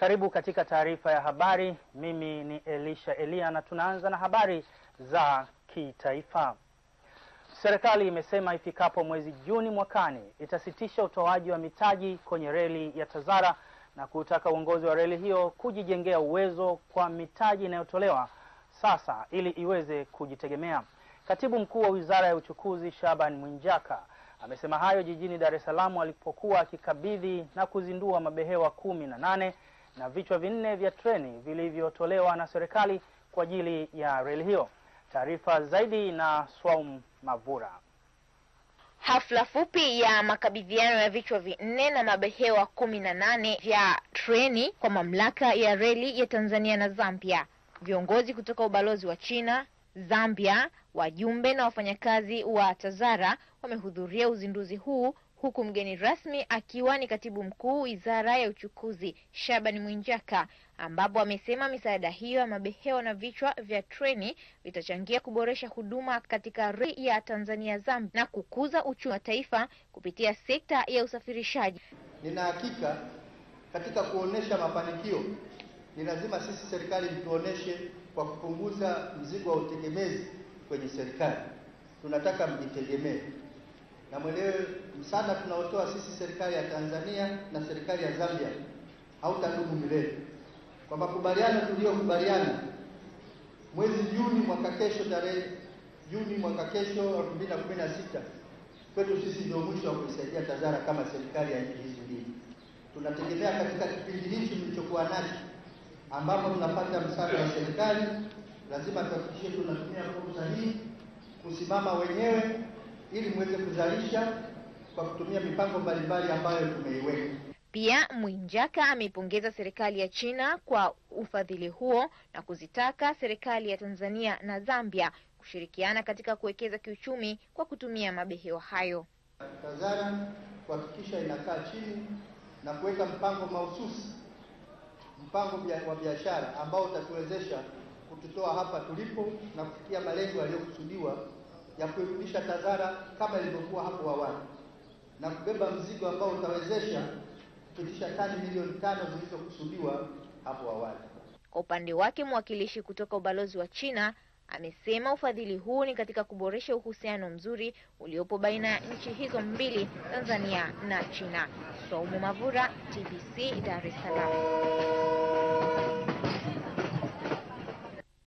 Karibu katika taarifa ya habari. Mimi ni Elisha Elia na tunaanza na habari za kitaifa. Serikali imesema ifikapo mwezi Juni mwakani itasitisha utoaji wa mitaji kwenye reli ya Tazara na kutaka uongozi wa reli hiyo kujijengea uwezo kwa mitaji inayotolewa sasa ili iweze kujitegemea. Katibu Mkuu wa Wizara ya Uchukuzi Shaban Mwinjaka Amesema hayo jijini Dar es Salaam alipokuwa akikabidhi na kuzindua mabehewa kumi na nane na vichwa vinne vya treni vilivyotolewa na serikali kwa ajili ya reli hiyo. Taarifa zaidi na Swaum Mavura. Hafla fupi ya makabidhiano ya vichwa vinne na mabehewa kumi na nane vya treni kwa mamlaka ya reli ya Tanzania na Zambia. Viongozi kutoka ubalozi wa China, Zambia, Wajumbe na wafanyakazi wa TAZARA wamehudhuria uzinduzi huu huku mgeni rasmi akiwa ni katibu mkuu wizara ya uchukuzi Shaban mwinjaka ambapo amesema misaada hiyo ya mabehewa na vichwa vya treni vitachangia kuboresha huduma katika reli ya Tanzania Zambia na kukuza uchumi wa taifa kupitia sekta ya usafirishaji. Nina hakika katika kuonesha mafanikio ni lazima sisi serikali mtuoneshe kwa kupunguza mzigo wa utegemezi kwenye serikali, tunataka mjitegemee na mwelewe msaada tunaotoa sisi serikali ya Tanzania na serikali ya Zambia hautadumu milele, kwa makubaliano tuliyokubaliana mwezi Juni mwaka kesho, tarehe Juni mwaka kesho 2016 kwetu sisi ndio mwisho wa kuisaidia TAZARA kama serikali ya nchi hizi mbili. Tunategemea katika kipindi hichi mlichokuwa nacho, ambapo tunapata msaada wa serikali, lazima tuhakikishe tunatumia kusimama wenyewe ili muweze kuzalisha kwa kutumia mipango mbalimbali ambayo tumeiweka. Pia mwinjaka ameipongeza serikali ya China kwa ufadhili huo na kuzitaka serikali ya Tanzania na Zambia kushirikiana katika kuwekeza kiuchumi kwa kutumia mabehewa hayo. TAZARA kuhakikisha inakaa chini na kuweka mpango mahususi, mpango wa biashara ambao utatuwezesha kututoa hapa tulipo na kufikia malengo yaliyokusudiwa ya kuirudisha TAZARA kama ilivyokuwa hapo awali na kubeba mzigo ambao utawezesha kupitisha tani milioni tano zilizokusudiwa hapo awali. Kwa upande wake, mwakilishi kutoka ubalozi wa China amesema ufadhili huu ni katika kuboresha uhusiano mzuri uliopo baina ya nchi hizo mbili, Tanzania na China. Saumu Mavura, TBC, Dar es Salaam.